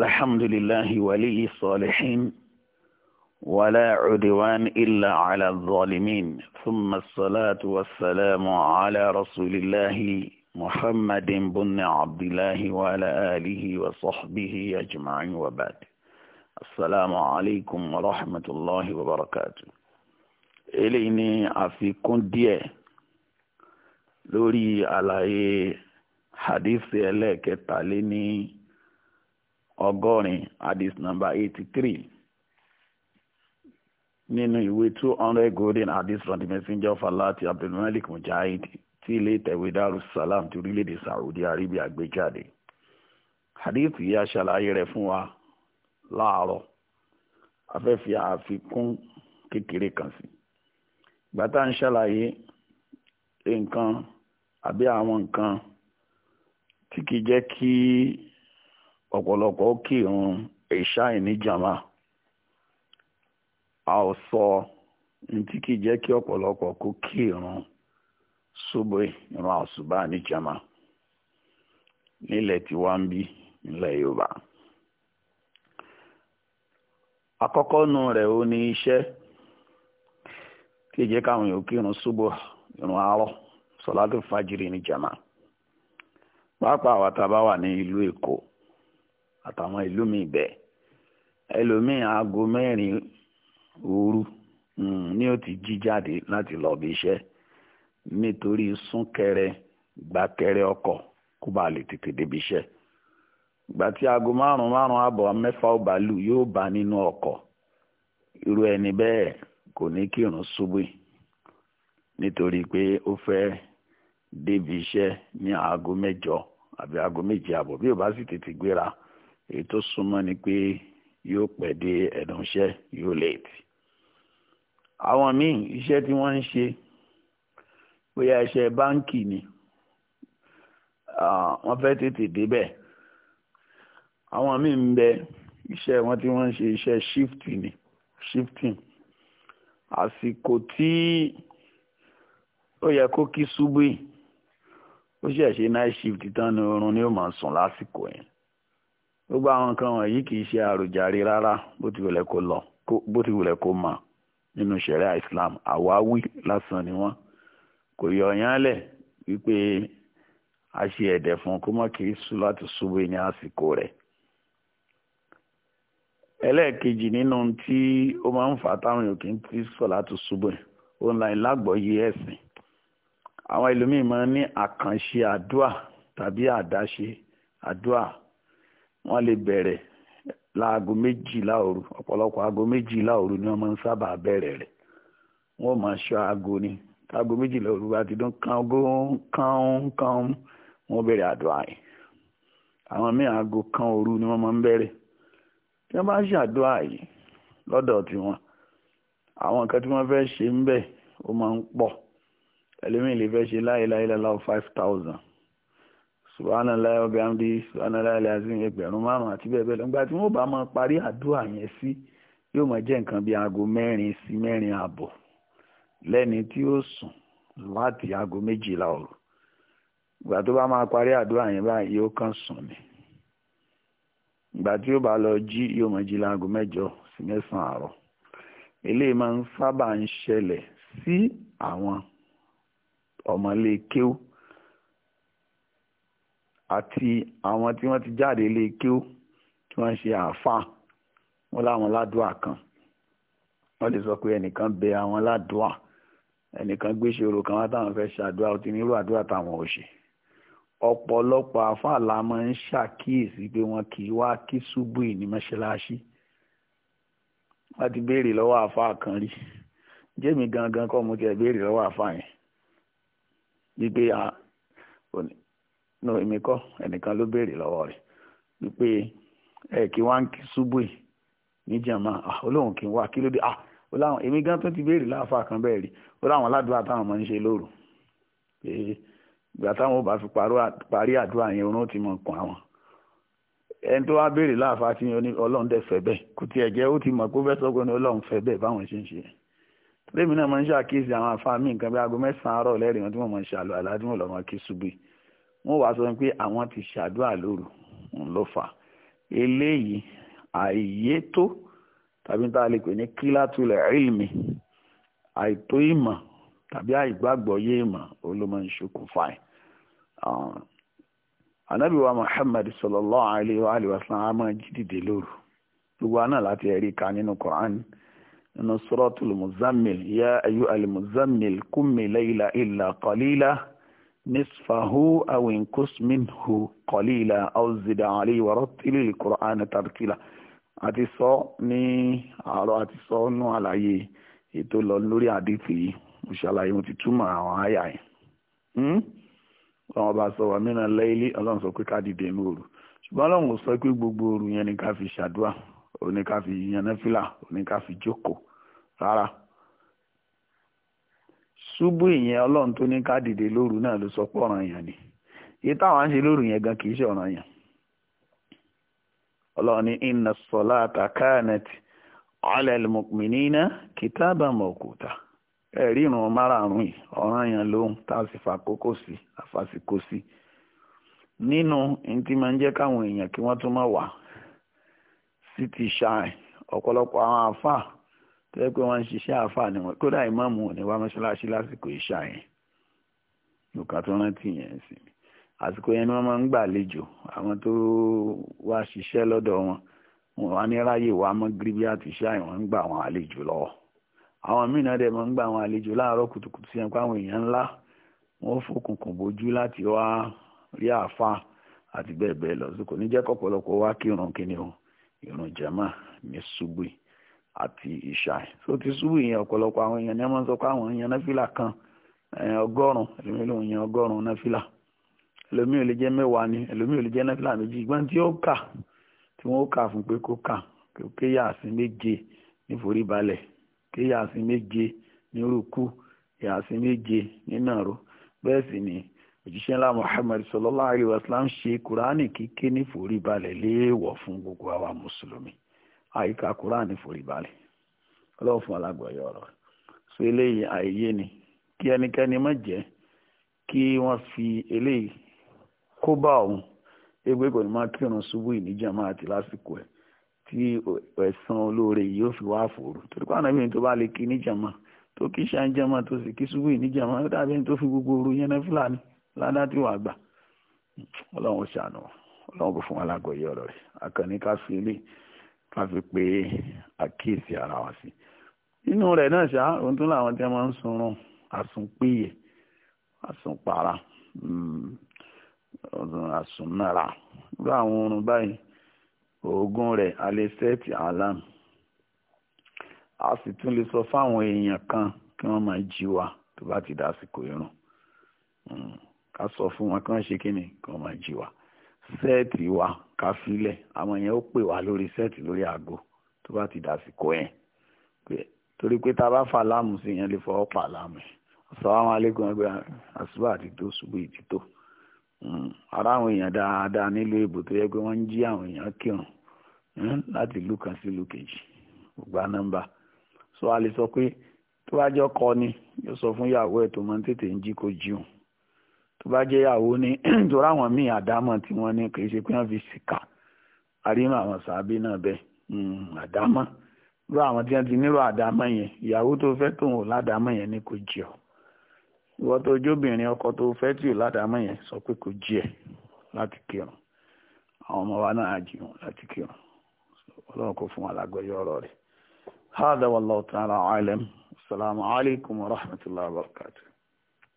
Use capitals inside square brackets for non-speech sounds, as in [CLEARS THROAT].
الحمد لله ولي الصالحين ولا عدوان إلا على الظالمين ثم الصلاة والسلام على رسول الله محمد بن عبد الله وعلى آله وصحبه أجمعين وبعد السلام عليكم ورحمة الله وبركاته إليني أفيكم دي لوري على حديث لك تعليني ọgọ́rin hadith number eighty three nínú ìwé two hundred golden hadith from the messenger of allah ti abdulmalik mujahid tí ilé ìtẹ̀wé darussalam ti orílẹ̀-èdè saudi arabia gbé jáde hadith yìí aṣàlàyé rẹ̀ fún wa láàárọ̀ afẹ́fẹ́ àfikún kékeré kan sí gbàtà ń ṣàlàyé nǹkan àbí àwọn nǹkan tí kì í jẹ́ kí. ọ̀pọ̀lọpọ̀ kírun ìṣáì ní a ò sọ ní tí kìí jẹ́ kí ọ̀pọ̀lọpọ̀ kó kírun ṣubú ìran àṣùbà ní jàmá nílẹ̀ tí wá ń bí nílẹ̀ Yorùbá nu rẹ̀ ó ní iṣẹ́ kìí jẹ́ káwọn irun ṣubú irun àárọ̀ fàjìrì ní pàápàá àtàwọn ìlú mi bẹ́ẹ̀ ẹlòmíì aago mẹ́rin òru mm, ni ó ti jí jáde láti lọ bí iṣẹ́ nítorí súnkẹrẹ gbàkẹrẹ ọkọ̀ kó bá lè tètè débi iṣẹ́ ìgbà tí aago márùn márùn àbọ̀ mẹ́fà ó yóò bá nínú ọkọ̀ irú ẹni bẹ́ẹ̀ kò ní kírun ṣubú nítorí pé ó fẹ́ débi aago mẹ́jọ àbí aago méje bí èyí tó súnmọ́ ni pé yóò pẹ́ dé ẹ̀dùn iṣẹ́ yóò léètì àwọn míì iṣẹ́ tí wọ́n ń ṣe bóyá iṣẹ́ báńkì ni wọ́n fẹ́ tètè débẹ̀ àwọn míì ń bẹ iṣẹ́ wọn tí wọ́n ń ṣe iṣẹ́ shift ni shifting àsìkò tí ó yẹ kó kí ṣubú yìí ó ṣẹ̀ṣẹ̀ night shift tán ni oorun ni ó máa sùn lásìkò yẹn gbogbo àwọn nǹkan wọ̀nyí kì í ṣe àròjàre rárá bó ti wulẹ̀ kó lọ bó ti wulẹ̀ kó mọ̀ nínú ṣẹ̀ríà Islam àwáwí lásán ni wọ́n kò yọ ọ̀yán lẹ̀ wípé a ṣe ẹ̀dẹ̀ fún kó mọ̀ kì í sùn láti ṣubú ní àsìkò rẹ̀ ẹlẹ́ẹ̀kejì nínú tí ó máa ń fà á táwọn èèyàn kì í kí sọ̀ láti ṣubú òun là ń lágbọ̀ọ́yé ẹ̀sìn àwọn ẹlòmíì máa ń ní àkànṣe àdúà tàbí àdáṣe àdúà wọ́n lè bẹ̀rẹ̀ láago méjìlá òru ọ̀pọ̀lọpọ̀ aago méjìlá òru ni wọ́n máa ń sábà bẹ̀rẹ̀ rẹ̀ wọ́n máa ṣọ́ aago ni aago méjìlá òru bá ti dún kángun kángun kángun wọ́n bẹ̀rẹ̀ àdúrà yìí àwọn míì aago kan òru ni wọ́n máa ń bẹ̀rẹ̀ tí wọ́n bá ń ṣàdúrà yìí lọ́dọ̀ tiwọn àwọn nǹkan tí wọ́n fẹ́ ṣe ń bẹ̀ ó máa ń pọ̀ ẹlòmíì lè fẹ́ ṣe láyé five thousand subhanallah wa bihamdi subhanallah alazim ẹgbẹ̀rún márùn-ún àti bẹ́ẹ̀ bẹ́ẹ̀ lọ nígbà tí wọ́n bá máa parí àdúrà yẹn sí yóò máa jẹ́ nǹkan bíi aago mẹ́rin sí mẹ́rin ààbọ̀ lẹ́ni tí ó sùn láti aago méjìlá òru ìgbà tó bá máa parí àdúrà yẹn báyìí yóò kàn sùn ni ìgbà tí ó bá lọ jí yóò máa jí láago mẹ́jọ sí mẹ́sàn-án eléyìí máa ń sábà ń ṣẹlẹ̀ sí àwọn ọmọlé kéwù àti àwọn tí wọ́n ti jáde ilé kíó tí wọ́n ń ṣe àáfàá wọn láwọn ládùá kan wọ́n lè sọ pé ẹnìkan bẹ àwọn ládùá ẹnìkan gbé ṣòro kan wá táwọn fẹ́ ṣàdúrà ó ti nílò àdúrà táwọn ò ṣe ọ̀pọ̀lọpọ̀ àáfàá la máa ń ṣàkíyèsí pé wọ́n kì í wá kí ṣubú ní mọ́ṣáláṣí wọ́n ti béèrè lọ́wọ́ àáfàá kan rí jẹ́mi gangan kọ́ mo ti ẹ̀ béèrè lọ́wọ́ àáfàá yẹn wípé no èmi kọ́ ẹnìkan ló béèrè lọ́wọ́ rẹ̀ wípé ẹ kí wá ń kí ṣubú yìí níjàmá olóhùn ah, kí n wá kí ló dé ah ó láwọn èmi gan tó ti béèrè láàfà kan bẹ́ẹ̀ rí ó láwọn aládùúgbò àtàwọn ọmọ ń ṣe lóru pé ìgbà táwọn ò bá fi parí àdúrà yẹn oorun ti mọ̀ kàn àwọn ẹni tó wá béèrè láàfà tí ọlọ́run dẹ̀ fẹ́ bẹ́ẹ̀ kò tiẹ̀ jẹ́ ó ti mọ̀ pé bẹ́ẹ̀ sọ́gbọ́n ni ọlọ́run fẹ́ bẹ́ẹ̀ báwọn ṣe ń ṣe lẹ́mi náà máa ń ṣàkíyèsí àwọn afáàmì nǹkan bí aago mẹ́sàn-án àárọ̀ wọn tí wọ́n máa ń ṣàlọ́ tí wọ́n lọ́ máa kí ṣubú yìí wọ́n wá sọ pé àwọn ti ṣàdúrà lóru ló fà eléyìí àìyétó tàbí tá a lè pè ní kílátulẹ̀ ìlmi àìtó ìmọ̀ tàbí àìgbàgbọ́ yé ìmọ̀ olómọ ìṣokùnfà ẹ̀. ànábì wa Muhammad sallallahu alayhi wa alihi wa sallam a máa jí dìde lóru gbogbo àná láti ẹ̀rí ka nínú Quran nínú suratul Muzammil ya ayu al-Muzammil qum layla نصفه aw inqus منه qalila aw زد عليه wa rattilil qur'ana tartila àti sọ ní àárọ̀ àti sọ nù àlàyé ètò lọ lórí àdìtì yìí mo ṣàlàyé mo ti túmọ̀ àwọn àyà yìí hmm? ọlọ́run bá sọ wà mìíràn lẹ́yìnlé ọlọ́run sọ pé ká dìde ní òru ṣùgbọ́n ọlọ́run sọ pé gbogbo òru yẹn ni ká fi ṣàdúrà òní ká fi yan náfìlà jókòó rárá ṣubú ìyẹn ọlọ́run tó ní ká dìde lóru náà ló sọ pé ọ̀ràn yẹn ni èyí táwọn ń ṣe lóru yẹn gan kì í ṣe ọ̀ràn yẹn ọlọ́run ní inna salata kanat ala al-mu'minina kitaban mawquta ẹ̀rí ìrun márààrún yìí ọ̀ràn yẹn lóhun tá a sì fa kókó sí àfàsìkò sí nínú ní ti máa ń jẹ́ káwọn èèyàn kí wọ́n tún máa wà sí ti ṣáà ọ̀pọ̀lọpọ̀ àwọn tẹ́ pé wọ́n ń ṣiṣẹ́ àáfàá ni wọ́n kódà ìmáàmù ò ní wá mọ́ṣáláṣí lásìkò ìṣà yẹn lùkà tó rántí yẹn sí mi àsìkò yẹn ni wọ́n máa ń gbàlejò àwọn tó wá ṣiṣẹ́ lọ́dọ̀ wọn wọn wá ní ráyè wá mọ́ gíríbí àti ìṣà yẹn wọ́n ń gbà àwọn àlejò lọ́wọ́ àwọn míì náà dẹ̀ máa ń gbà àwọn àlejò láàárọ̀ kùtùkùtù sí ẹ̀kọ́ àwọn èèyàn ńlá wọ́n fòkùnkùn bójú láti wá rí àáfàá àti bẹ́ẹ̀ bẹ́ẹ̀ lọ sí kò ní jẹ́ kọ́pọ̀lọpọ̀ wá kírun kíni o ìrun jàmá mi ṣubú àti ìṣáì so ti ṣubú ìyẹn ọ̀pọ̀lọpọ̀ àwọn èèyàn ní wọ́n sọ pé àwọn èèyàn náfìlà kan ọgọ́rùn ẹlòmíì lòun yan ọgọ́rùn náfìlà ẹlòmíì ò lè jẹ́ mẹ́wàá ni ẹlòmíì ò lè jẹ́ náfìlà méjì ìgbọ́n tí ó kà tí wọ́n ó kà fún pé kó kà kó yàásí méje ní foríbalẹ̀ kó yàásí méje ní rúkú yàásí méje ní nàró bẹ́ẹ̀ sì ni òjíṣẹ́ ńlá Muhammad sallallahu alaihi wasallam ṣe kùránì kíké ní foríbalẹ̀ léèwọ̀ fún gbogbo àwa mùsùlùmí àyíká kúránì foríbalẹ̀ ọlọ́run fún alágbọ̀yọ̀ ọ̀rọ̀ so eléyìí àìyé ni kí ẹnikẹ́ni má jẹ́ kí wọ́n fi eléyìí kó bá òun ewé kò ní máa kírun ṣubú ìníjà máa ti lásìkò ẹ̀ tí ẹ̀san olóore yìí ó fi wá fòrò torí pé ànábìyẹn tó bá lè kí níjàmá tó kí ṣàǹjàmá tó sì kí ṣubú ìníjàmá ó dàbí ẹni tó fi gbogbo ooru yẹn náà fúlàní ládá tí wàá gbà ọlọ́run ṣàánú ọlọ́run kò fún wa ọ̀rọ̀ rẹ̀ àkànní ká fi eléyìí ká fi pé àkíyèsí ara wa sí nínú rẹ̀ náà ṣá ohun tó làwọn tí wọ́n ń sunrun àsunpéyè àsunpara hmm, àsunnára irú àwọn oorun báyìí oògùn rẹ̀ alẹ́sẹ̀tì alam a sì tún lè sọ fáwọn èèyàn kan kí wọ́n máa jí wa tó bá ti dásìkò irun hmm, ká sọ fún wọn kí wọ́n ṣe kí ni kí wọ́n máa jí wa sẹ́ẹ̀tì wa ká filẹ̀ àwọn yẹn ó pè wá lórí sẹ́ẹ̀tì lórí aago tó bá ti dàsìkò yẹn torí pé tá a bá fa láàmù sí yẹn lè fọwọ́ pa láàmù yẹn assalamu alaikum ẹgbẹ́ àṣùbà àti tó ṣubú ìtì tó hmm, ara àwọn èèyàn dáadáa nílùú èbò tó yẹ pé wọ́n ń jí àwọn èèyàn kírun hmm, láti ìlú kan sí ìlú kejì ògbà nọ́mbà so a lè sọ pé tó bá jọ kọ ni yóò sọ fún ìyàwó ẹ̀ tó máa ń tètè ń jí kó jíun tó bá jẹ́ ìyàwó ni nítorí [CLEARS THROAT] àwọn míì àdámọ̀ tí wọ́n ní kì í ṣe pé wọ́n fi sìkà àwọn sàábí náà bẹ́ẹ̀ hmm, àdámọ̀ àwọn tí wọ́n ti nírò àdámọ̀ yẹn ìyàwó tó fẹ́ tóun ò ládàámọ̀ yẹn ni kò ọ ìwọ tó jóbìnrin ọkọ tó fẹ́ tí ò ládàámọ̀ yẹn sọ àwọn ọmọ wa náà láti kírun ọlọ́run kò fún wa ọ̀rọ̀ rẹ̀ alaykum wa